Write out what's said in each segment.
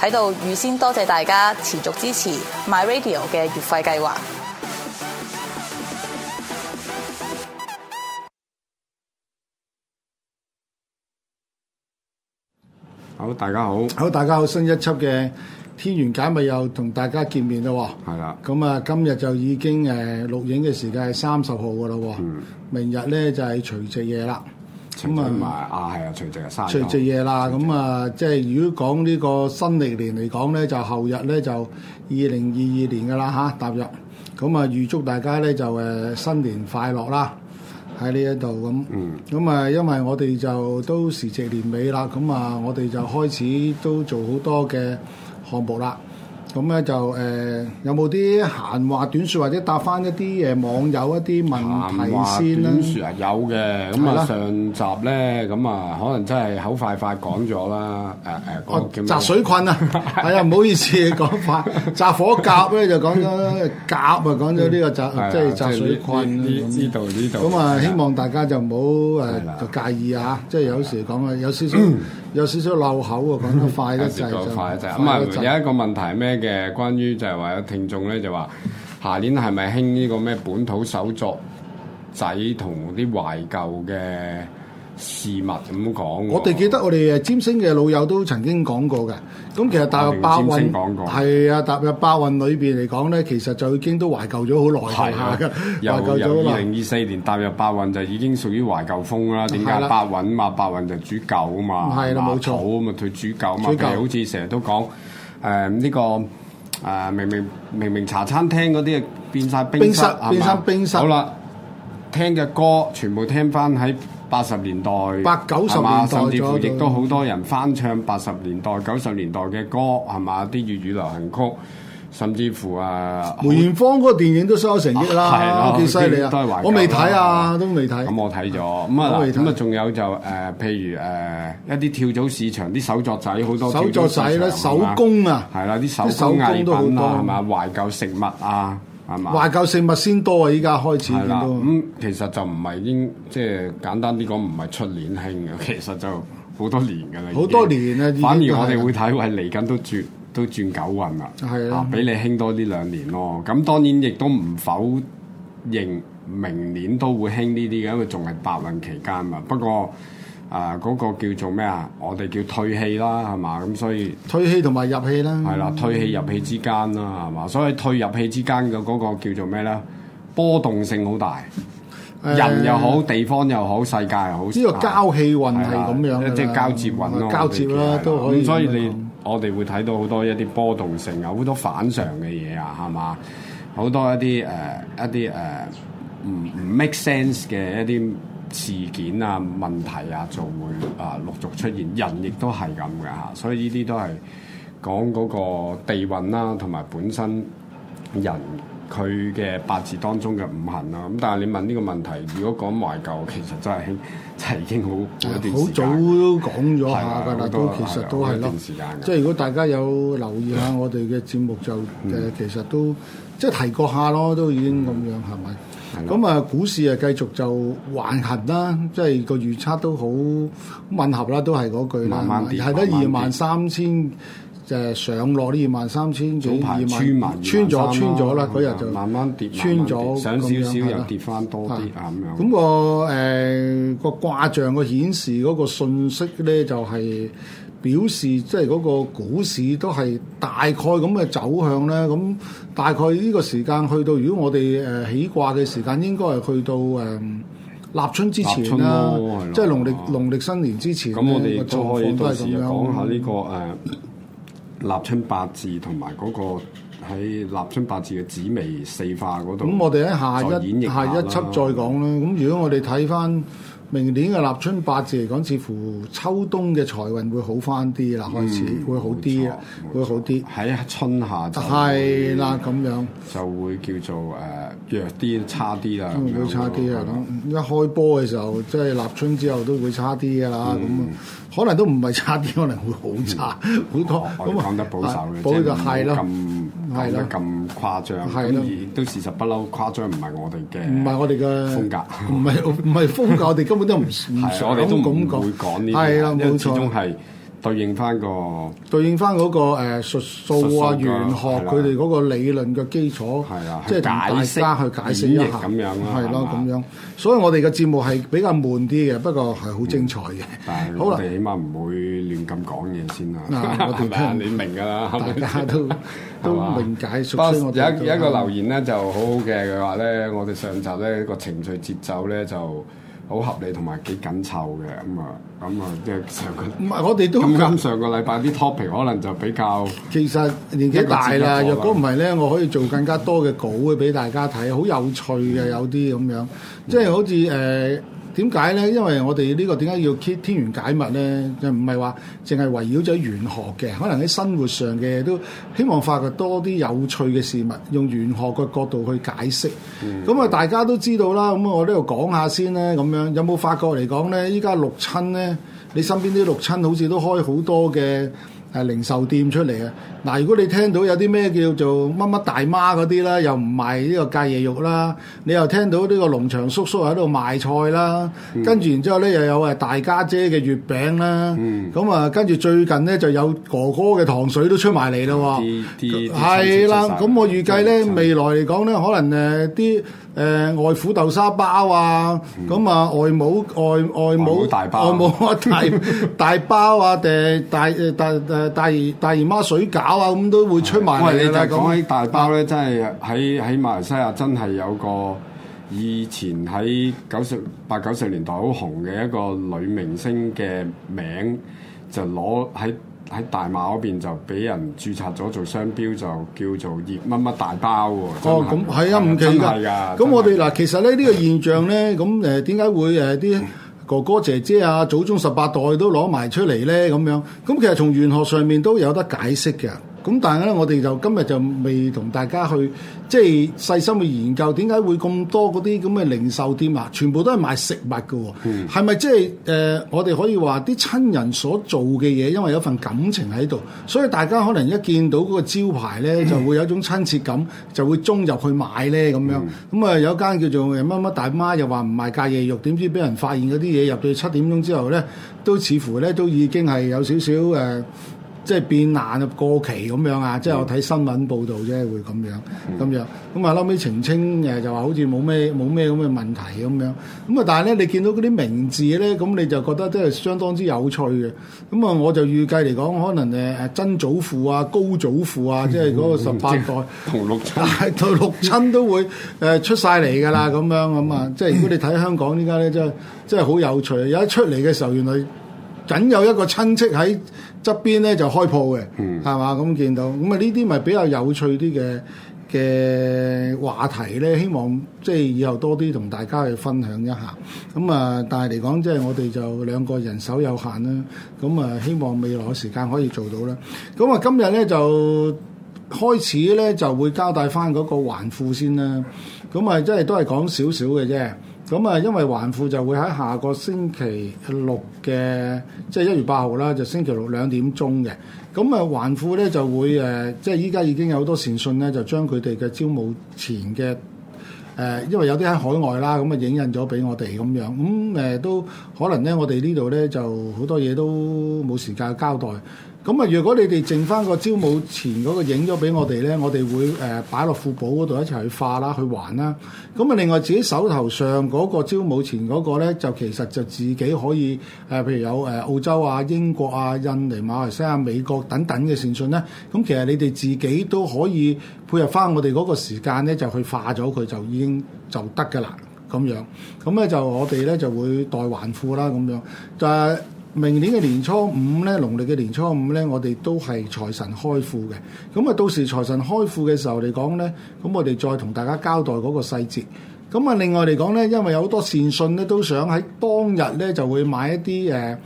喺度預先多謝大家持續支持 My Radio 嘅月費計劃。好，大家好。好，大家好。新一輯嘅《天玄解密》又同大家見面啦。係啦的。咁啊，今日就已經誒錄影嘅時間係三十號噶啦。嗯。明日咧就係除夕夜啦。咁啊，啊係席啊，除夕啊，生日除夕夜啦。咁啊席，即係如果講呢個新曆年嚟講咧，就後日咧就二零二二年嘅啦吓，踏入。咁啊，預祝大家咧就誒新年快樂啦！喺呢一度咁。嗯。咁啊，因為我哋就都時值年尾啦，咁啊，我哋就開始都做好多嘅項目啦。咁咧就誒、欸、有冇啲閒話短說或者答翻一啲誒網友一啲問題先啦？閒話短說啊，有嘅。咁啊上集咧，咁啊吧可能真係口快快講咗啦。誒誒，我叫咩？澤水困啊！係、嗯、啊，唔、 哎、好意思講法。澤火革咧就講咗革、這個、對啊，講咗呢個澤即係澤水困。呢度呢度。咁啊，希望大家就唔好誒介意啊，即係有時講啊，有少少。有少少漏口啊，講得快一陣，咁啊 有，有一個問題咩嘅？關於就係話有聽眾咧就話，下年係咪興呢個咩本土手作仔同啲懷舊嘅？事物咁講，我哋記得我哋誒占星嘅老友都曾經講過嘅。咁其實踏入星八運，係啊，踏入八運裏邊嚟講咧，其實就已經都懷舊咗好耐下嘅。懷舊咗二零二四年踏入八運就已經屬於懷舊風啦。點解八運嘛？八運就煮舊啊嘛，冇錯啊嘛，佢煮舊啊嘛。其實好似成日都講誒呢個誒、呃、明明明，明明明茶餐廳嗰啲變晒冰室冰室。好啦，聽嘅歌全部聽翻喺八十年代，八九十年代，甚至乎亦都好多人翻唱八十年代、九十年代嘅歌，係嘛？啲粵語流行曲，甚至乎啊梅豔芳嗰個電影都收咗成億啦，係啊，幾犀利啊！都係懷舊，我未睇啊，都未睇。咁我睇咗。咁啊咁啊仲有就誒，譬如誒一啲跳蚤市場啲手作仔，好多手作仔咧，手工啊，係啦，啲手手工都好多，係嘛？懷舊食物啊！懷舊食物先多啊！依家開始咁、嗯，其實就唔係應即係簡單啲講，唔係出年興嘅，其實就好多年嘅啦。好多年啊！已經 反而我哋會睇，喂是，嚟緊都轉都轉九運啦，的啊，比你興多呢兩年咯。咁當然亦都唔否認明年都會興呢啲嘅，因為仲係八運期間啊。不過啊！嗰個叫做咩啊？我哋叫退氣啦，係嘛？咁所以退氣同埋入氣啦，係啦，退氣入氣之間啦，係嘛？所以退入氣之間嘅嗰個叫做咩咧？波動性好大，欸、人又好，地方又好，世界又好，呢個交氣運係咁樣，即係交接運咯，交接啦都可以。咁所以你我哋會睇到好多一啲波動性啊，好多反常嘅嘢啊，係嘛？好多一啲誒、呃、一啲誒唔唔 make sense 嘅一啲。事件啊、問題啊，就會啊陸續出現。人亦都係咁嘅嚇，所以呢啲都係講嗰個地運啦、啊，同埋本身人佢嘅八字當中嘅五行啦、啊。咁但係你問呢個問題，如果講懷舊，其實真係興，係、即係、已經好好、嗯、早、嗰個、都講咗下㗎啦。都其實都係咯，時即係如果大家有留意下我哋嘅節目，就誒其實都、嗯、即係提過下咯，都已經咁樣係咪？嗯咁啊，股市啊繼續就橫行啦，即係個預測都好吻合啦，都係嗰句，係得二萬三千誒上落呢二萬三千幾，穿穿咗穿咗啦，嗰日就慢慢跌穿咗，上少少又跌翻多啲咁樣。咁個誒個卦象個顯示嗰個信息咧就係。表示即係嗰個股市都係大概咁嘅走向咧，咁大概呢個時間去到，如果我哋誒、呃、起卦嘅時間，應該係去到誒、呃、立春之前啦、啊，即係農曆農曆新年之前。咁我哋都可以開始講下呢、這個誒、呃、立春八字同埋嗰個喺立春八字嘅紫微四化嗰度。咁我哋喺下一,一下，下一輯再講啦。咁如果我哋睇翻。明年嘅立春八字嚟講，似乎秋冬嘅財運會好翻啲啦，開始會好啲啊，會好啲。喺春夏就係啦，咁樣就會叫做誒弱啲、差啲啦。會差啲啊，咁一開波嘅時候，即係立春之後都會差啲噶啦，咁可能都唔係差啲，可能會好差，好多，咁啊。講得保守嘅，即係咁。係啦，咁誇張，咁的而都事實，不嬲，誇張唔係我哋嘅，唔係我哋嘅風格，唔係唔係風格， 我哋根本都唔唔，咁唔 會講呢啲，的因為始終係。對應翻個，對應翻嗰個誒術數啊、玄學佢哋嗰個理論嘅基礎，即係大家去解釋一下。咁樣啦，係咯咁樣。所以我哋嘅節目係比較悶啲嘅，不過係好精彩嘅。好啦，我哋起碼唔會亂咁講嘢先啦，係咪啊？你明㗎啦，大家都都明解。首先，有一一個留言咧就好好嘅，佢話咧，我哋上集咧個情緒節奏咧就。好合理同埋幾緊湊嘅。咁啊，咁啊即係上個唔係，我哋都咁啱上個禮拜啲 topic 可能就比較，其實年紀大啦。若果唔係咧，我可以做更加多嘅稿嘅俾大家睇，好有趣嘅有啲咁樣，即係好似誒。嗯呃點解呢？因為我哋呢個點解要叫天玄解密呢？就唔係話淨係圍繞咗玄學嘅，可能喺生活上嘅都希望發掘多啲有趣嘅事物，用玄學嘅角度去解釋。咁啊、嗯，大家都知道啦。咁我呢度講下先啦。咁樣有冇發覺嚟講呢？依家六親呢，你身邊啲六親好似都開好多嘅。係零售店出嚟嘅。嗱，如果你聽到有啲咩叫做乜乜大媽嗰啲啦，又唔賣呢個隔夜肉啦，你又聽到呢個農場叔叔喺度賣菜啦，跟住然之後咧又有誒大家姐嘅月餅啦，咁啊跟住最近咧就有哥哥嘅糖水都出埋嚟啦，係啦，咁我預計咧未來嚟講咧，可能誒啲。誒、呃、外父豆沙包啊，咁啊、嗯、外母外外母外母大大包啊，定 大誒、啊、大誒大，大，大姨大姨媽水餃啊，咁都會出埋嚟啦。講的起大包咧，真係喺喺馬來西亞真係有個以前喺九十八九十年代好紅嘅一個女明星嘅名，就攞喺。喺大馬嗰邊就俾人註冊咗做商標，就叫做熱乜乜大包喎、啊。哦，咁係、嗯、啊，五 G 噶。咁我哋嗱，其實呢啲嘅、這個、現象咧，咁誒點解會誒啲、啊、哥哥姐姐啊、祖宗十八代都攞埋出嚟咧？咁樣，咁其實從玄學上面都有得解釋嘅。咁但係咧，我哋就今日就未同大家去即係細心去研究點解會咁多嗰啲咁嘅零售店啊，全部都係賣食物嘅、哦，係咪即係誒？我哋可以話啲親人所做嘅嘢，因為有份感情喺度，所以大家可能一見到嗰個招牌咧，嗯、就會有一種親切感，就會衝入去買咧咁樣。咁啊、嗯，嗯、有間叫做乜乜大媽又話唔賣隔夜肉，點知俾人發現嗰啲嘢入到七點鐘之後咧，都似乎咧都已經係有少少誒。呃呃呃即係變爛過期咁樣啊！即係我睇新聞報道啫，會咁樣咁樣。咁啊，後尾澄清誒，就話好似冇咩冇咩咁嘅問題咁樣。咁啊，但係咧，你見到嗰啲名字咧，咁你就覺得真係相當之有趣嘅。咁啊，我就預計嚟講，可能誒誒曾祖父啊、高祖父啊，即係嗰個十八代同六親，係 六親都會誒出晒嚟㗎啦。咁、嗯、樣咁啊，即係如果你睇香港依家咧，真係真係好有趣。一出嚟嘅時候，原來。僅有一個親戚喺側邊咧，就開鋪嘅，係嘛、嗯？咁見到咁啊，呢啲咪比較有趣啲嘅嘅話題咧。希望即係以後多啲同大家去分享一下。咁啊，但係嚟講，即係我哋就兩個人手有限啦。咁啊，希望未來嘅時間可以做到啦。咁啊，今日咧就開始咧就會交代翻嗰個環庫先啦。咁啊，即係都係講少少嘅啫。咁啊，因為還庫就會喺下個星期六嘅，即係一月八號啦，就星期六兩點鐘嘅。咁啊，還庫咧就會誒，即係依家已經有好多善信咧，就將佢哋嘅招募前嘅誒、呃，因為有啲喺海外啦，咁啊影印咗俾我哋咁樣。咁、嗯、誒、呃、都可能咧，我哋呢度咧就好多嘢都冇時間交代。咁啊，如果你哋剩翻個招募錢嗰個影咗俾我哋咧，我哋會誒擺落庫簿嗰度一齊去化啦，去還啦。咁啊，另外自己手頭上嗰個招募錢嗰、那個咧，就其實就自己可以誒，譬如有誒澳洲啊、英國啊、印尼、馬來西亞、美國等等嘅善信咧。咁其實你哋自己都可以配合翻我哋嗰個時間咧，就去化咗佢，就已經就得噶啦咁樣。咁咧就我哋咧就會代還庫啦咁樣，就。明年嘅年初五咧，農曆嘅年初五咧，我哋都係財神開庫嘅。咁啊，到時財神開庫嘅時候嚟講咧，咁我哋再同大家交代嗰個細節。咁啊，另外嚟講咧，因為有好多善信咧，都想喺當日咧就會買一啲誒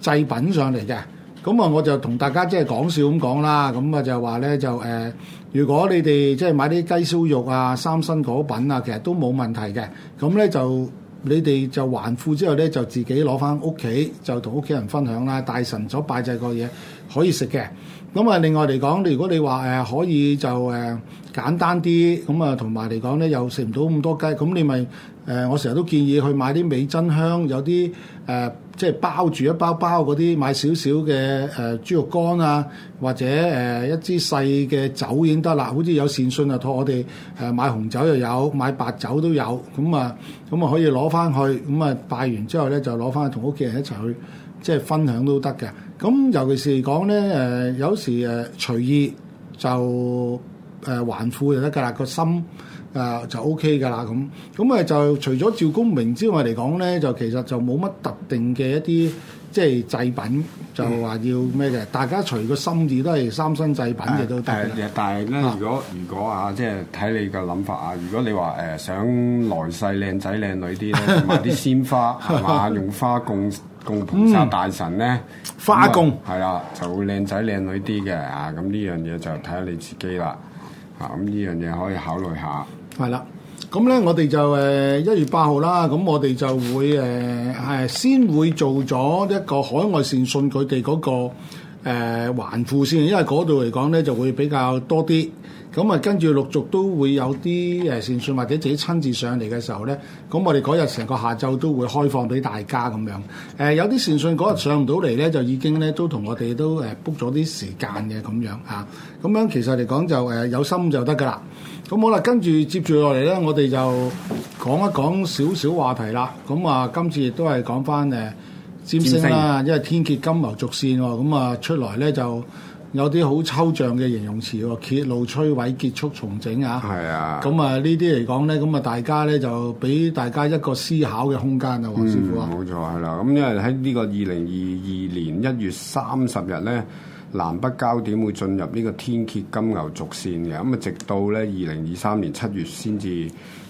祭品上嚟嘅。咁啊，我就同大家即係講笑咁講啦。咁啊，就話咧就誒，如果你哋即係買啲雞燒肉啊、三牲果品啊，其實都冇問題嘅。咁咧就。你哋就還庫之後咧，就自己攞翻屋企，就同屋企人分享啦。大神所拜祭個嘢可以食嘅。咁啊，另外嚟講，你如果你話誒、呃、可以就誒。呃簡單啲咁啊，同埋嚟講咧，又食唔到咁多雞，咁你咪誒、呃，我成日都建議去買啲美珍香，有啲誒、呃，即係包住一包包嗰啲，買少少嘅誒豬肉乾啊，或者誒、呃、一支細嘅酒已經得啦。好似有善信啊，託我哋誒買紅酒又有，買白酒都有咁啊，咁啊、呃、可以攞翻去咁啊，拜完之後咧，就攞翻去同屋企人一齊去即係分享都得嘅。咁尤其是嚟講咧，誒、呃、有時誒、呃、隨意就，誒還富就得㗎啦，個心誒就 O K 㗎啦咁。咁誒就除咗趙公明之外嚟講咧，就其實就冇乜特定嘅一啲即係祭品，就話要咩嘅。大家除個心意，都係三牲祭品嘅都得。誒，但係咧，如果如果啊，即係睇你個諗法啊。如果你話誒想來世靚仔靚女啲咧，買啲鮮花係嘛，用花供供蓬山大神咧，花供係啦，就會靚仔靚女啲嘅啊。咁呢樣嘢就睇下你自己啦。啊，咁呢樣嘢可以考慮下。係、呃、啦，咁咧我哋就誒一月八號啦，咁我哋就會誒係、呃、先會做咗一個海外善信佢哋嗰個。誒、呃、環富線，因為嗰度嚟講咧就會比較多啲，咁啊跟住陸續都會有啲誒善信或者自己親自上嚟嘅時候咧，咁我哋嗰日成個下晝都會開放俾大家咁樣。誒、呃、有啲善信嗰日上唔到嚟咧，就已經咧都同我哋都誒 book 咗啲時間嘅咁樣嚇。啊、咁樣其實嚟講就誒、呃、有心就得㗎啦。咁好啦，跟住接住落嚟咧，我哋就講一講少少話題啦。咁啊，今次亦都係講翻誒。呃占星啦，因為天蠍金牛軸線喎，咁啊出來咧就有啲好抽象嘅形容詞喎，揭露、摧毀、結束、重整是啊！係啊！咁啊呢啲嚟講咧，咁啊大家咧就俾大家一個思考嘅空間啊，黃師傅冇、嗯、錯係啦。咁、啊、因為喺呢個二零二二年一月三十日咧，南北交點會進入呢個天蠍金牛軸線嘅，咁啊直到咧二零二三年七月先至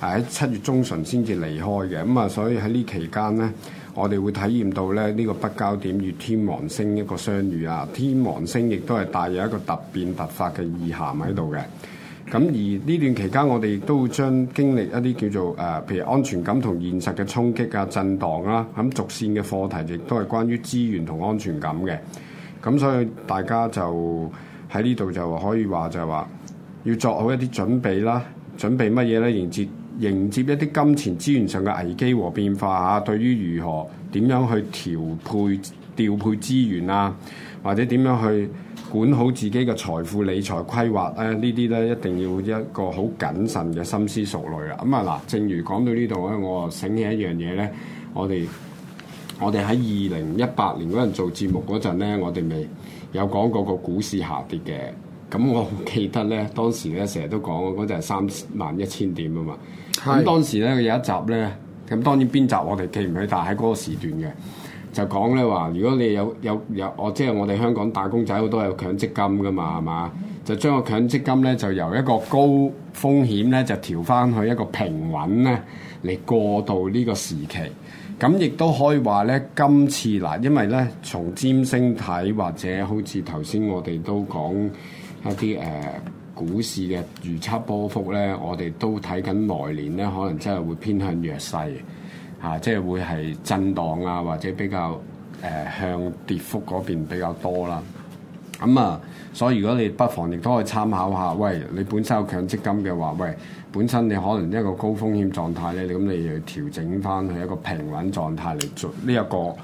係喺七月中旬先至離開嘅，咁啊所以喺呢期間咧。我哋會體驗到咧呢個北交點與天王星一個相遇啊，天王星亦都係帶有一個突變突發嘅意涵喺度嘅。咁而呢段期間，我哋都會將經歷一啲叫做誒，譬、呃、如安全感同現實嘅衝擊啊、震盪啦。咁、啊、軸線嘅課題亦都係關於資源同安全感嘅。咁所以大家就喺呢度就可以話就係話要做好一啲準備啦，準備乜嘢咧？迎接。迎接一啲金錢資源上嘅危機和變化嚇，對於如何點樣去調配調配資源啊，或者點樣去管好自己嘅財富理財規劃咧？呢啲咧一定要一個好謹慎嘅深思熟慮啊。咁啊嗱，正如講到呢度咧，我醒起一樣嘢咧，我哋我哋喺二零一八年嗰陣做節目嗰陣咧，我哋未有講過個股市下跌嘅。咁我記得咧，當時咧成日都講，嗰陣係三萬一千點啊嘛。咁當時咧，有一集咧，咁當然邊集我哋記唔起，但係喺嗰個時段嘅，就講咧話，如果你有有有，有即我即係我哋香港打工仔好多有強積金噶嘛，係嘛，就將個強積金咧就由一個高風險咧，就調翻去一個平穩咧，嚟過渡呢個時期。咁亦都可以話咧，今次嗱，因為咧，從占星睇或者好似頭先我哋都講一啲誒。呃股市嘅預測波幅咧，我哋都睇緊來年咧，可能真係會偏向弱勢，嚇、啊，即係會係震盪啊，或者比較誒、呃、向跌幅嗰邊比較多啦。咁啊，所以如果你不妨亦都可以參考下，喂，你本身有強積金嘅話，喂，本身你可能一個高風險狀態咧，你咁你要調整返去一個平穩狀態嚟做呢一個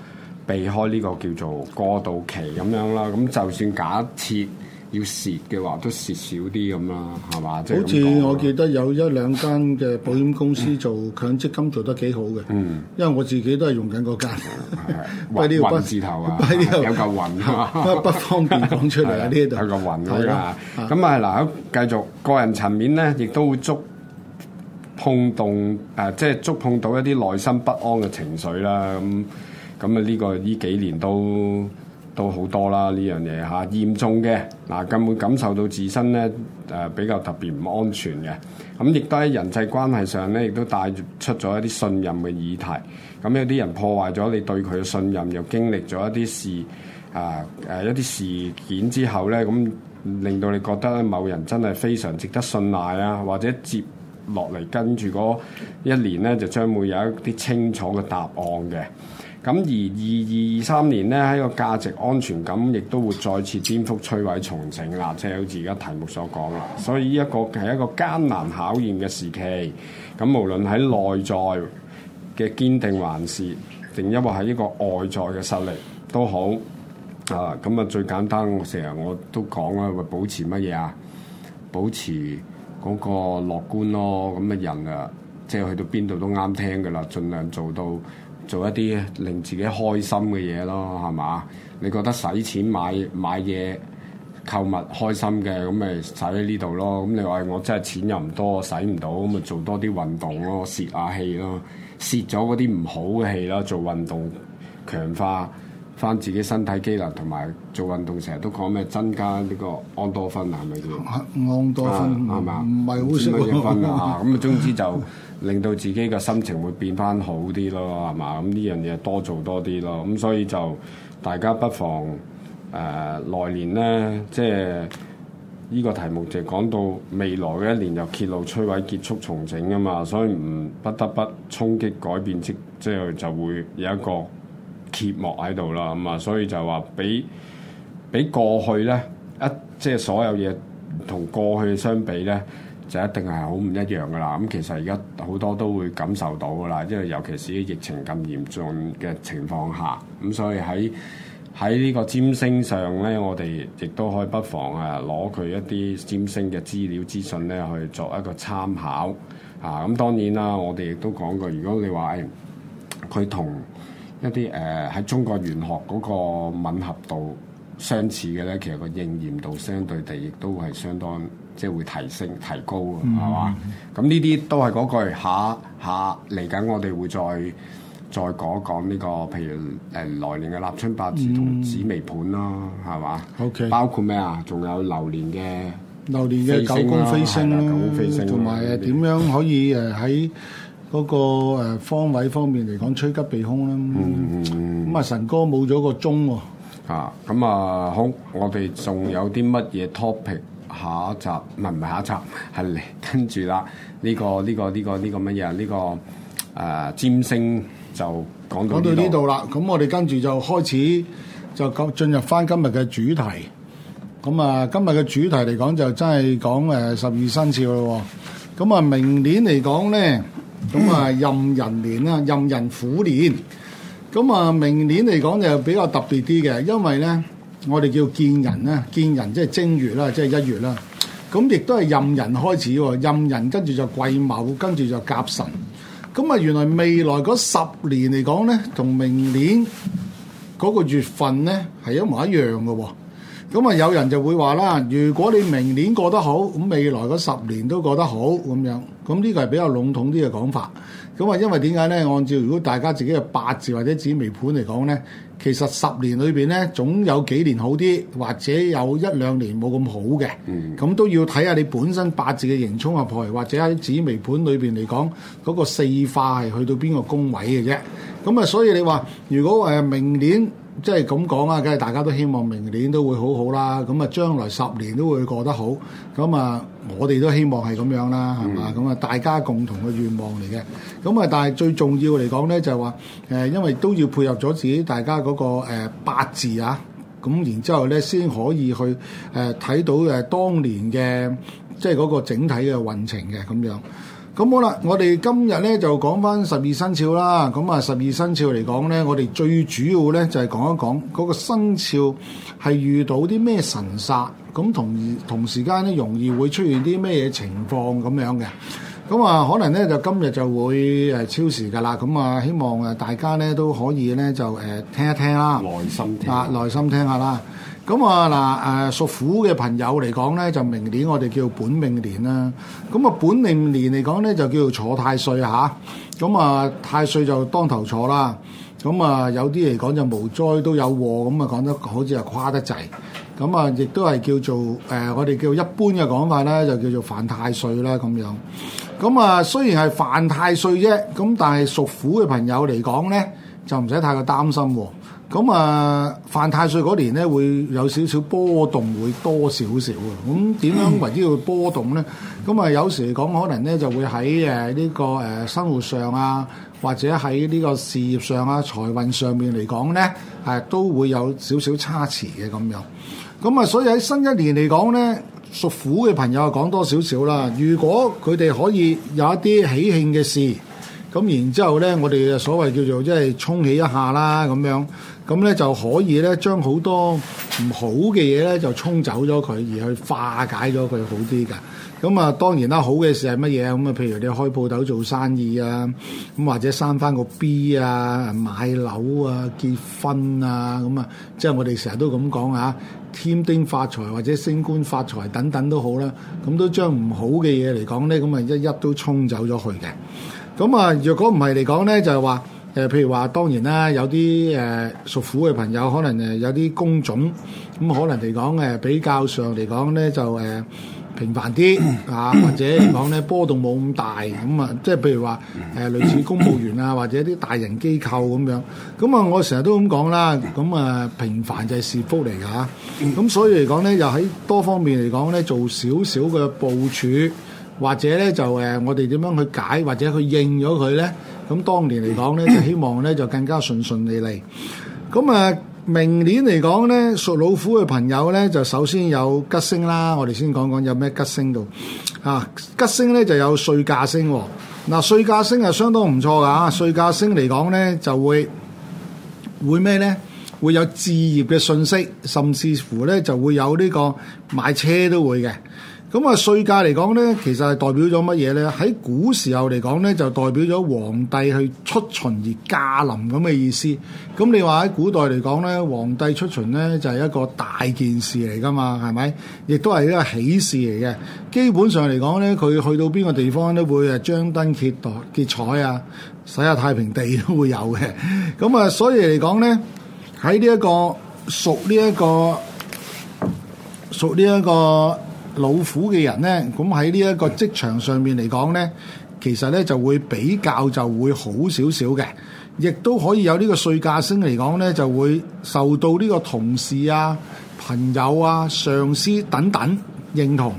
避開呢個叫做過渡期咁樣啦。咁就算假設。要蝕嘅話，都蝕少啲咁啦，係嘛？好似我記得有一兩間嘅保險公司做強積金做得幾好嘅，因為我自己都係用緊嗰間。係雲字頭啊，有嚿雲不方便講出嚟啊，呢度。有嚿雲啊，咁啊嗱，繼續個人層面咧，亦都會觸碰動，誒即係觸碰到一啲內心不安嘅情緒啦。咁咁啊，呢個呢幾年都。都好多啦呢樣嘢嚇，嚴重嘅嗱，更會感受到自身呢誒、呃、比較特別唔安全嘅。咁亦都喺人際關係上呢，亦都帶出咗一啲信任嘅議題。咁有啲人破壞咗你對佢嘅信任，又經歷咗一啲事啊誒、呃、一啲事件之後呢，咁令到你覺得某人真係非常值得信賴啊，或者接落嚟跟住嗰一年呢，就將會有一啲清楚嘅答案嘅。咁而二二三年呢，喺個價值安全感亦都會再次顛覆摧毀重整啦，即係好似而家題目所講啦。所以呢一個係一個艱難考驗嘅時期。咁無論喺內在嘅堅定還，還是定抑或係一個外在嘅實力都好。啊，咁啊最簡單，我成日我都講啦，保持乜嘢啊？保持嗰個樂觀咯。咁啊人啊，即係去到邊度都啱聽㗎啦，盡量做到。做一啲令自己開心嘅嘢咯，係嘛？你覺得使錢買買嘢、購物開心嘅咁咪使喺呢度咯？咁你話我真係錢又唔多，使唔到咁咪做多啲運動咯，泄下氣咯，泄咗嗰啲唔好嘅氣咯，做運動強化翻自己身體機能，同埋做運動成日都講咩增加呢個安多芬、嗯、啊，係咪叫？安多芬係咪？唔係好少。五千蚊一分啊！咁啊，總之就。 令到自己嘅心情會變翻好啲咯，係嘛？咁呢樣嘢多做多啲咯，咁所以就大家不妨誒、呃、來年呢，即係呢、呢個題目就講到未來嘅一年又揭露摧毀、結束重整啊嘛，所以唔不，不得不衝擊、改變，即即係就會有一個揭幕喺度啦。咁、嗯、啊，所以就話比比過去呢，一即係所有嘢同過去相比呢。就一定係好唔一樣噶啦，咁其實而家好多都會感受到噶啦，因為尤其是疫情咁嚴重嘅情況下，咁所以喺喺呢個占星上咧，我哋亦都可以不妨啊攞佢一啲占星嘅資料資訊咧，去做一個參考嚇。咁、啊、當然啦、啊，我哋亦都講過，如果你話佢同一啲誒喺中國玄學嗰個吻合度相似嘅咧，其實個應驗度相對地亦都係相當。即係會提升提高啊，係嘛？咁呢啲都係嗰句下下嚟緊，我哋會再再講一講呢個，譬如誒來年嘅立春八字同紫微盤啦，係嘛？OK，包括咩啊？仲有流年嘅流年嘅九宮飛星啦，九宮飛星同埋點樣可以誒喺嗰個方位方面嚟講趨吉避凶啦？嗯嗯咁啊，神哥冇咗個鐘喎。啊，咁啊，好，我哋仲有啲乜嘢 topic？下一集唔係唔係下一集，係跟住啦，呢、這個呢、這個呢、這個呢、這個乜嘢？呢、這個誒占星就講講到呢度啦。咁我哋跟住就開始就進入進入翻今日嘅主題。咁啊，今日嘅主題嚟講就真係講誒十二生肖咯。咁啊，明年嚟講咧，咁啊壬寅年啊，嗯、壬寅虎年。咁啊，明年嚟講就比較特別啲嘅，因為咧。我哋叫建寅咧，建寅即係正月啦，即係一月啦。咁亦都係壬寅開始，壬寅跟住就癸卯，跟住就甲辰。咁啊，原來未來嗰十年嚟講咧，同明年嗰個月份咧係一模一樣嘅。咁啊，有人就會話啦，如果你明年過得好，咁未來嗰十年都過得好咁樣。咁呢個係比較籠統啲嘅講法。咁啊，因為點解咧？按照如果大家自己嘅八字或者紫微盤嚟講咧。其實十年裏邊咧，總有幾年好啲，或者有一兩年冇咁好嘅，咁、嗯、都要睇下你本身八字嘅刑沖合，或者喺紫微盤裏邊嚟講嗰個四化係去到邊個宮位嘅啫。咁啊，所以你話如果誒、呃、明年？即係咁講啊，梗係大家都希望明年都會好好啦。咁啊，將來十年都會過得好。咁啊，我哋都希望係咁樣啦，係嘛？咁啊、嗯，大家共同嘅願望嚟嘅。咁啊，但係最重要嚟講咧，就係話誒，因為都要配合咗自己大家嗰個八字啊。咁然之後咧，先可以去誒睇到誒當年嘅即係嗰個整體嘅運程嘅咁樣。咁好啦，我哋今日咧就講翻十二生肖啦。咁啊，十二生肖嚟講咧，我哋最主要咧就係講一講嗰個生肖係遇到啲咩神煞，咁同同時間咧容易會出現啲咩嘢情況咁樣嘅。咁啊，可能咧就今日就會誒超時噶啦。咁啊，希望誒大家咧都可以咧就誒聽一聽啦，耐心聽啊，耐心聽下啦。咁啊嗱，誒屬虎嘅朋友嚟講咧，就明年我哋叫本命年啦。咁啊，本命年嚟講咧，就叫做坐太歲嚇。咁啊，太歲就當頭坐啦。咁啊，有啲嚟講就無災都有禍，咁啊講得好似係誇得滯。咁啊，亦都係叫做誒、啊，我哋叫一般嘅講法咧，就叫做犯太歲啦咁、啊、樣。咁啊，雖然係犯太歲啫，咁、啊、但係屬虎嘅朋友嚟講咧，就唔使太過擔心喎。啊咁啊，犯太歲嗰年咧，會有少少波動，會多少少啊。咁點樣為之會波動咧？咁啊，有時嚟講，可能咧就會喺誒呢個誒、呃、生活上啊，或者喺呢個事業上啊、財運上面嚟講咧，誒、啊、都會有少少差池嘅咁樣。咁啊，所以喺新一年嚟講咧，屬虎嘅朋友講多少少啦。如果佢哋可以有一啲喜慶嘅事，咁然之後咧，我哋就所謂叫做即係沖喜一下啦，咁樣。咁咧就可以咧，將好多唔好嘅嘢咧，就沖走咗佢，而去化解咗佢好啲㗎。咁啊，當然啦，好嘅事係乜嘢啊？咁啊，譬如你開鋪頭做生意啊，咁或者生翻個 B 啊，買樓啊，結婚啊，咁啊，即係我哋成日都咁講啊，添丁發財或者升官發財等等都好啦。咁都將唔好嘅嘢嚟講咧，咁啊，一一都沖走咗去嘅。咁啊，若果唔係嚟講咧，就係話。誒、呃，譬如話，當然啦，有啲誒屬虎嘅朋友，可能誒有啲工種，咁可能嚟講誒比較上嚟講咧，就誒、呃、平凡啲啊，或者嚟講咧，波動冇咁大，咁啊，即係譬如話誒、呃，類似公務員啊，或者啲大型機構咁樣，咁啊，我成日都咁講啦，咁啊、呃、平凡就係是事福嚟㗎，咁、啊、所以嚟講咧，又喺多方面嚟講咧，做少少嘅部署，或者咧就誒、呃、我哋點樣去解，或者去應咗佢咧。咁當年嚟講咧，就希望咧就更加順順利利。咁啊，明年嚟講咧，屬老虎嘅朋友咧，就首先有吉星啦。我哋先講講有咩吉星到啊？吉星咧就有歲駕星，嗱，歲駕星係相當唔錯噶。歲駕星嚟講咧，就會會咩咧？會有置業嘅信息，甚至乎咧就會有呢個買車都會嘅。咁啊，稅價嚟講咧，其實係代表咗乜嘢咧？喺古時候嚟講咧，就代表咗皇帝去出巡而駕臨咁嘅意思。咁你話喺古代嚟講咧，皇帝出巡咧就係一個大件事嚟㗎嘛，係咪？亦都係一個喜事嚟嘅。基本上嚟講咧，佢去到邊個地方都會誒張燈結綵結綵啊，洗下太平地都會有嘅。咁啊，所以嚟講咧，喺呢一個屬呢一個屬呢一個。老虎嘅人呢，咁喺呢一個職場上面嚟講呢，其實呢就會比較就會好少少嘅，亦都可以有呢個碎價升嚟講呢，就會受到呢個同事啊、朋友啊、上司等等認同，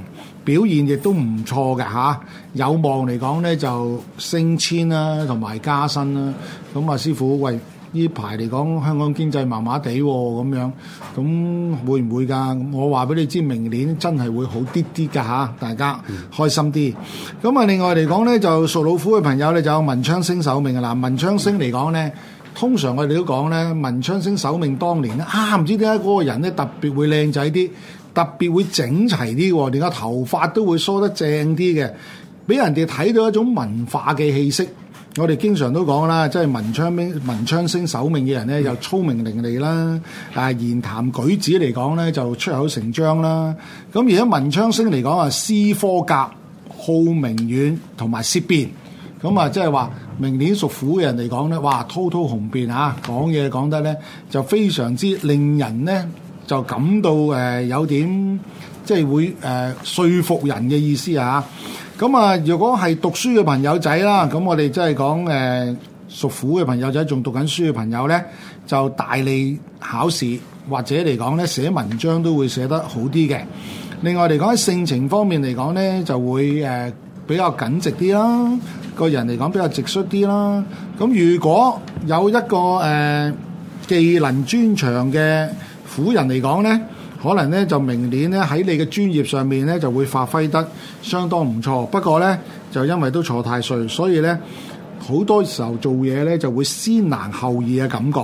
表現亦都唔錯嘅嚇，有望嚟講呢，就升遷啦、啊，同埋加薪啦、啊。咁、嗯、啊，師傅喂。呢排嚟講香港經濟麻麻地喎，咁樣咁會唔會㗎？我話俾你知，明年真係會好啲啲㗎吓，大家開心啲。咁啊，另外嚟講呢，就屬老虎嘅朋友呢，就有文昌星守命㗎啦。文昌星嚟講呢，通常我哋都講呢，文昌星守命當年咧，啊唔知點解嗰個人呢，特別會靚仔啲，特別會整齊啲喎，連個頭髮都會梳得正啲嘅，俾人哋睇到一種文化嘅氣息。我哋經常都講啦，即係文昌兵、文昌星守命嘅人咧，又聰明伶俐啦，啊言談舉止嚟講咧就出口成章啦。咁而家文昌星嚟講啊，司科甲好名遠同埋舌辯，咁啊即係話明年屬虎嘅人嚟講咧，哇滔滔雄辯啊，講嘢講得咧就非常之令人咧就感到誒、呃、有點即係會誒、呃、說服人嘅意思啊！咁啊，如果係讀書嘅朋友仔啦，咁我哋即係講誒屬虎嘅朋友仔，仲讀緊書嘅朋友咧，就大利考試或者嚟講咧寫文章都會寫得好啲嘅。另外嚟講喺性情方面嚟講咧，就會誒比較緊直啲啦，個人嚟講比較直率啲啦。咁如果有一個誒技能專長嘅虎人嚟講咧，可能咧就明年咧喺你嘅專業上面咧就會發揮得相當唔錯。不過咧就因為都坐太歲，所以咧好多時候做嘢咧就會先難後易嘅感覺。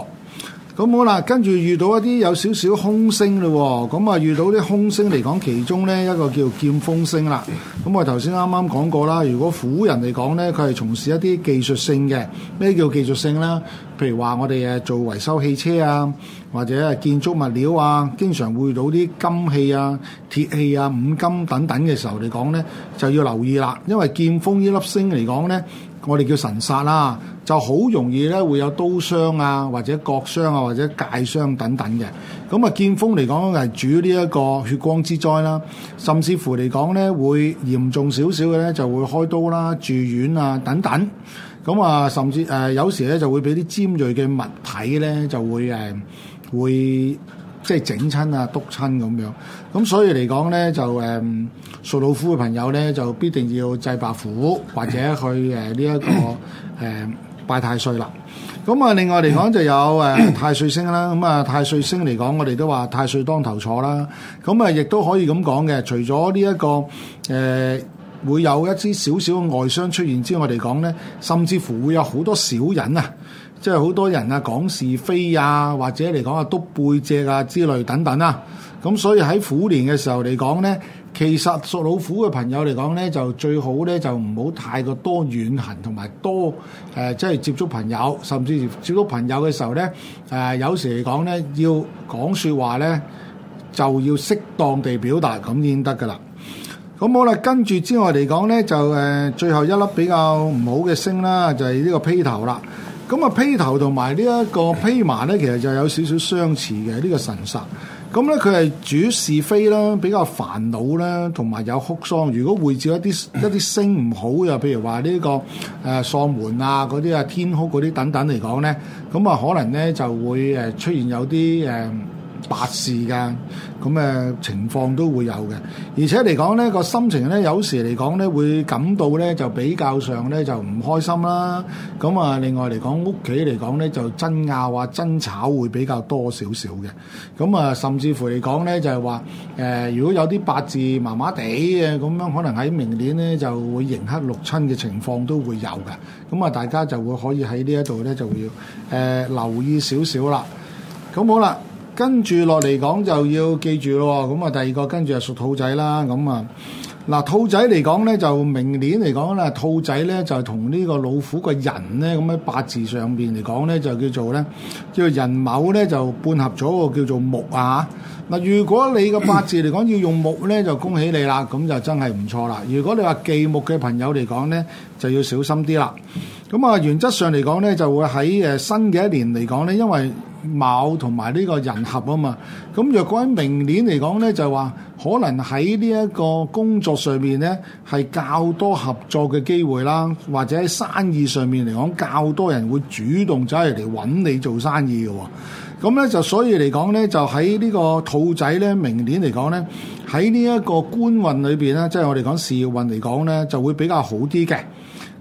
咁、嗯、好啦，跟住遇到一啲有少少凶星嘞，咁、嗯、啊遇到啲凶星嚟講，其中咧一個叫劍鋒星啦。咁、嗯、我頭先啱啱講過啦，如果虎人嚟講咧，佢係從事一啲技術性嘅咩叫技術性啦？譬如話我哋誒做維修汽車啊。或者建築物料啊，經常會到啲金器啊、鐵器啊、五金等等嘅時候嚟講咧，就要留意啦。因為劍鋒呢粒星嚟講咧，我哋叫神煞啦，就好容易咧會有刀傷啊，或者割傷啊，或者界傷等等嘅。咁啊，劍鋒嚟講係主呢一個血光之災啦，甚至乎嚟講咧會嚴重少少嘅咧，就會開刀啦、住院啊等等。咁啊，甚至誒有時咧就會俾啲尖鋭嘅物體咧就會誒。會即係整親啊、篤親咁樣，咁所以嚟講咧就誒屬、嗯、老虎嘅朋友咧就必定要祭白虎或者去誒呢一個誒、呃、拜太歲啦。咁啊，另外嚟講就有誒、呃、太歲星啦。咁啊，太歲星嚟講，我哋都話太歲當頭坐啦。咁啊，亦都可以咁講嘅。除咗呢一個誒、呃、會有一啲少少嘅外傷出現之外，嚟講咧，甚至乎會有好多小人啊。即係好多人啊講是非啊，或者嚟講啊篤背脊啊之類等等啦、啊。咁所以喺虎年嘅時候嚟講咧，其實屬老虎嘅朋友嚟講咧，就最好咧就唔好太過多遠行同埋多誒、呃，即係接觸朋友，甚至接觸朋友嘅時候咧，誒、呃、有時嚟講咧要講説話咧，就要適當地表達咁先得㗎啦。咁好啦，跟住之外嚟講咧，就誒、呃、最後一粒比較唔好嘅星啦，就係、是、呢個披頭啦。咁啊，披頭同埋呢一個披麻咧，其實就有少少相似嘅呢、呢個神煞。咁、嗯、咧，佢係主是非啦，比較煩惱啦，同埋有哭喪。如果會照一啲 一啲星唔好，又譬如話呢、呢個誒、呃、喪門啊、嗰啲啊、天哭嗰啲等等嚟講咧，咁、嗯、啊，可能咧就會誒出現有啲誒。呃百事噶咁誒情況都會有嘅，而且嚟講咧個心情咧，有時嚟講咧會感到咧就比較上咧就唔開心啦。咁啊，另外嚟講屋企嚟講咧就爭拗啊、爭吵會比較多少少嘅。咁啊，甚至乎嚟講咧就係話誒，如果有啲八字麻麻地嘅咁樣，可能喺明年咧就會刑克六親嘅情況都會有嘅。咁啊，大家就會可以喺呢一度咧就要誒留意少少啦。咁好啦。跟住落嚟講就要記住咯，咁啊第二個跟住就屬兔仔啦，咁啊嗱兔仔嚟講咧就明年嚟講啦，兔仔咧就同呢個老虎個寅咧咁喺八字上邊嚟講咧就叫做咧叫做寅卯咧就半合咗個叫做木啊嗱，如果你個八字嚟講要用木咧就恭喜你啦，咁就真係唔錯啦。如果你話忌木嘅朋友嚟講咧就要小心啲啦。咁啊原則上嚟講咧就會喺誒新嘅一年嚟講咧，因為卯同埋呢個人合啊嘛，咁若果喺明年嚟講咧，就係話可能喺呢一個工作上面咧，係較多合作嘅機會啦，或者喺生意上面嚟講，較多人會主動走嚟嚟揾你做生意嘅喎。咁咧就所以嚟講咧，就喺呢個兔仔咧，明年嚟講咧，喺呢一個官運裏邊咧，即係我哋講事業運嚟講咧，就會比較好啲嘅。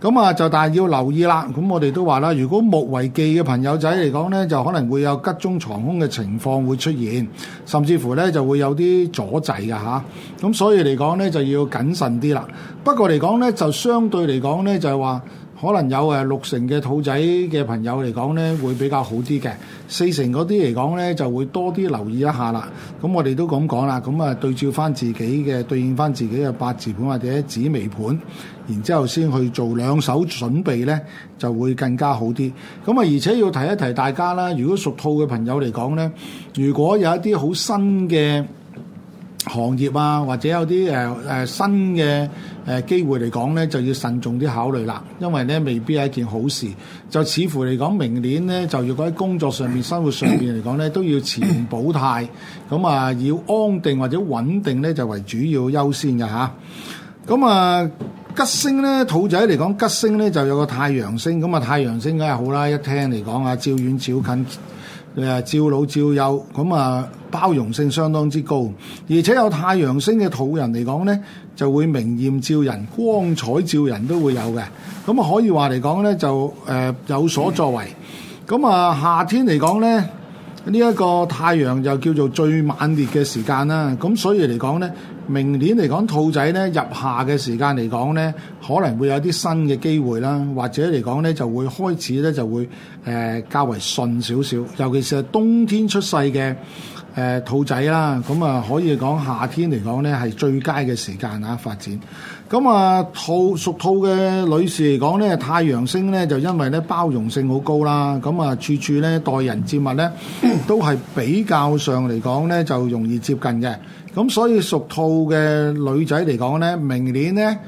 咁啊，就但係要留意啦。咁我哋都話啦，如果木為忌嘅朋友仔嚟講呢，就可能會有吉中藏凶嘅情況會出現，甚至乎呢就會有啲阻滯嘅吓。咁所以嚟講呢，就要謹慎啲啦。不過嚟講呢，就相對嚟講呢，就係話。可能有誒六成嘅兔仔嘅朋友嚟講呢，會比較好啲嘅；四成嗰啲嚟講呢就會多啲留意一下啦。咁我哋都咁講啦，咁啊對照翻自己嘅，對應翻自己嘅八字盤或者紫微盤，然之後先去做兩手準備呢就會更加好啲。咁啊，而且要提一提大家啦，如果屬兔嘅朋友嚟講呢如果有一啲好新嘅。行業啊，或者有啲誒誒新嘅誒、呃、機會嚟講咧，就要慎重啲考慮啦，因為咧未必係一件好事。就似乎嚟講，明年咧就如果喺工作上面、生活上面嚟講咧，都要持保態，咁啊要安定或者穩定咧就為主要優先嘅嚇。咁啊吉星咧，兔仔嚟講吉星咧就有個太陽星，咁啊太陽星梗係好啦，一聽嚟講啊照遠照近。照老照幼，咁啊包容性相當之高，而且有太陽星嘅土人嚟講呢就會明豔照人、光彩照人都會有嘅，咁啊可以話嚟講呢就誒、呃、有所作為。咁啊夏天嚟講咧，呢、這、一個太陽就叫做最猛烈嘅時間啦，咁所以嚟講呢。明年嚟講，兔仔咧入夏嘅時間嚟講咧，可能會有啲新嘅機會啦，或者嚟講咧就會開始咧就會誒、呃、較為順少少，尤其是係冬天出世嘅誒兔仔啦，咁啊可以講夏天嚟講咧係最佳嘅時間啊發展。咁啊，兔屬兔嘅女士嚟講咧，太陽星咧就因為咧包容性好高啦，咁啊處處咧待人接物咧都係比較上嚟講咧就容易接近嘅。咁所以屬兔嘅女仔嚟講咧，明年咧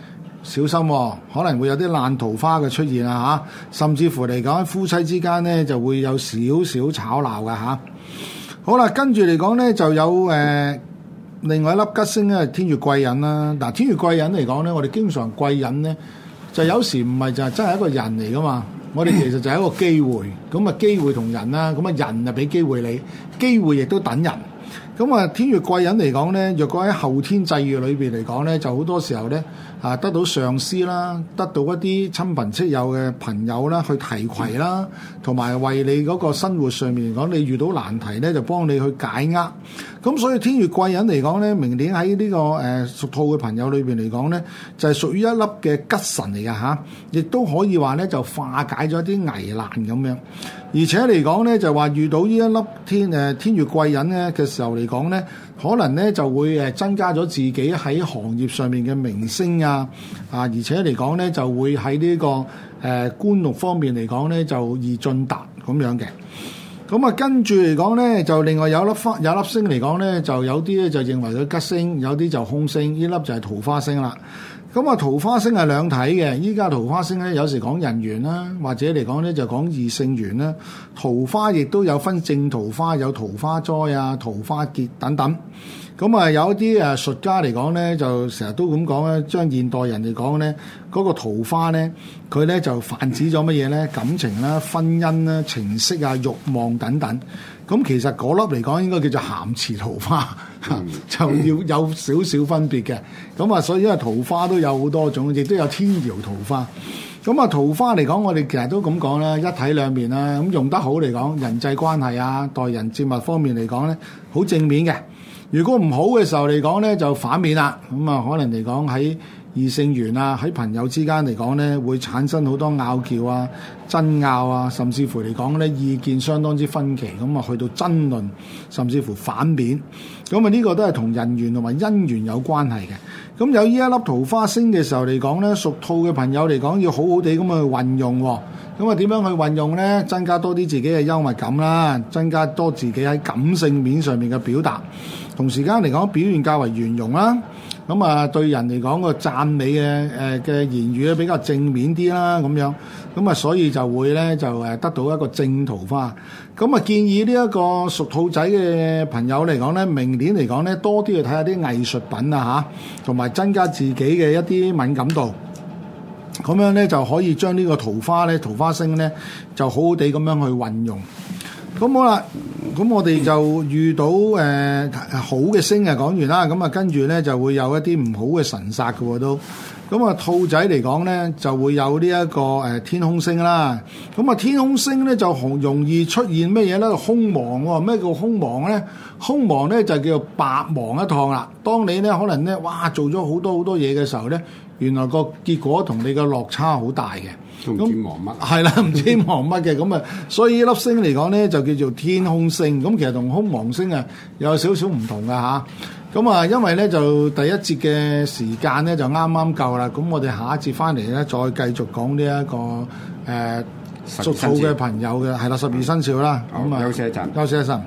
小心喎，可能會有啲爛桃花嘅出現啊！吓，甚至乎嚟講夫妻之間咧就會有少少吵鬧㗎吓。好啦，跟住嚟講咧就有誒。另外一粒吉星咧，係天月貴人啦。嗱，天月貴人嚟講咧，我哋經常貴人咧，就有時唔係就係真係一個人嚟噶嘛。我哋其實就係一個機會，咁啊機會同人啦，咁啊人就俾機會你，機會亦都等人。咁啊，天月貴人嚟講咧，若果喺後天際遇裏邊嚟講咧，就好多時候咧。啊！得到上司啦，得到一啲親朋戚友嘅朋友啦，去提攜啦，同埋為你嗰個生活上面嚟講，你遇到難題咧，就幫你去解厄。咁所以天月貴人嚟講咧，明年喺呢、這個誒、呃、屬兔嘅朋友裏邊嚟講咧，就係屬於一粒嘅吉神嚟㗎吓，亦都可以話咧就化解咗啲危難咁樣。而且嚟講咧，就話遇到呢一粒天誒、呃、天月貴人咧嘅時候嚟講咧。可能咧就會誒增加咗自己喺行業上面嘅名聲啊！啊，而且嚟講咧就會喺呢、這個誒官祿方面嚟講咧就易進達咁樣嘅。咁啊，跟住嚟講咧就另外有粒花有粒星嚟講咧就有啲咧就認為佢吉星，有啲就空星，呢粒就係桃花星啦。咁啊，桃花星係兩睇嘅。依家桃花星咧，有時講人緣啦，或者嚟講咧就講異性緣啦。桃花亦都有分正桃花，有桃花災啊，桃花劫等等。咁、嗯、啊，有啲誒術家嚟講咧，就成日都咁講咧，將現代人嚟講咧，嗰、那個桃花咧，佢咧就泛指咗乜嘢咧？感情啦、婚姻啦、情色啊、慾望等等。咁其實嗰粒嚟講應該叫做咸池桃花，嗯、 就要有少少分別嘅。咁啊，所以因為桃花都有好多種，亦都有天姚桃花。咁啊，桃花嚟講，我哋其實都咁講啦，一體兩面啦。咁用得好嚟講，人際關係啊，待人接物方面嚟講呢，好正面嘅。如果唔好嘅時候嚟講呢，就反面啦。咁、嗯、啊，可能嚟講喺異性緣啊，喺朋友之間嚟講呢，會產生好多拗撬啊、爭拗啊，甚至乎嚟講呢，意見相當之分歧，咁、嗯、啊去到爭論，甚至乎反面。咁、嗯、啊，呢、這個都係同人緣同埋姻緣有關係嘅。咁、嗯、有呢一粒桃花星嘅時候嚟講呢，屬兔嘅朋友嚟講要好好地咁去運用、哦。咁啊點樣去運用呢？增加多啲自己嘅幽默感啦，增加多自己喺感性面上面嘅表達。同時間嚟講，表現較為圓融啦，咁啊對人嚟講個讚美嘅誒嘅言語咧比較正面啲啦，咁樣，咁啊所以就會咧就誒得到一個正桃花，咁啊建議呢一個屬兔仔嘅朋友嚟講咧，明年嚟講咧多啲去睇下啲藝術品啊嚇，同埋增加自己嘅一啲敏感度，咁樣咧就可以將呢個桃花咧桃花星咧就好好地咁樣去運用。咁好啦，咁我哋就遇到誒、呃、好嘅星啊，講完啦，咁啊跟住咧就會有一啲唔好嘅神煞嘅喎都。咁、嗯、啊，兔仔嚟講咧就會有呢、這、一個誒、呃、天空星啦。咁、嗯、啊，天空星咧就容容易出現咩嘢咧？空亡喎，哦。咩叫空亡咧？空亡咧就叫做白忙一趟啦。當你咧可能咧哇做咗好多好多嘢嘅時候咧，原來個結果同你嘅落差好大嘅。乜？係啦，唔 知忙乜嘅咁啊， 所以粒星嚟講咧就叫做天空星，咁其實同空王星啊有少少唔同嘅吓。咁啊，因為咧就第一節嘅時間咧就啱啱夠啦，咁我哋下一節翻嚟咧再繼續講呢、這、一個誒、呃、十二嘅朋友嘅係啦，十二生肖啦。咁啊、嗯，那休息一陣。休息一陣。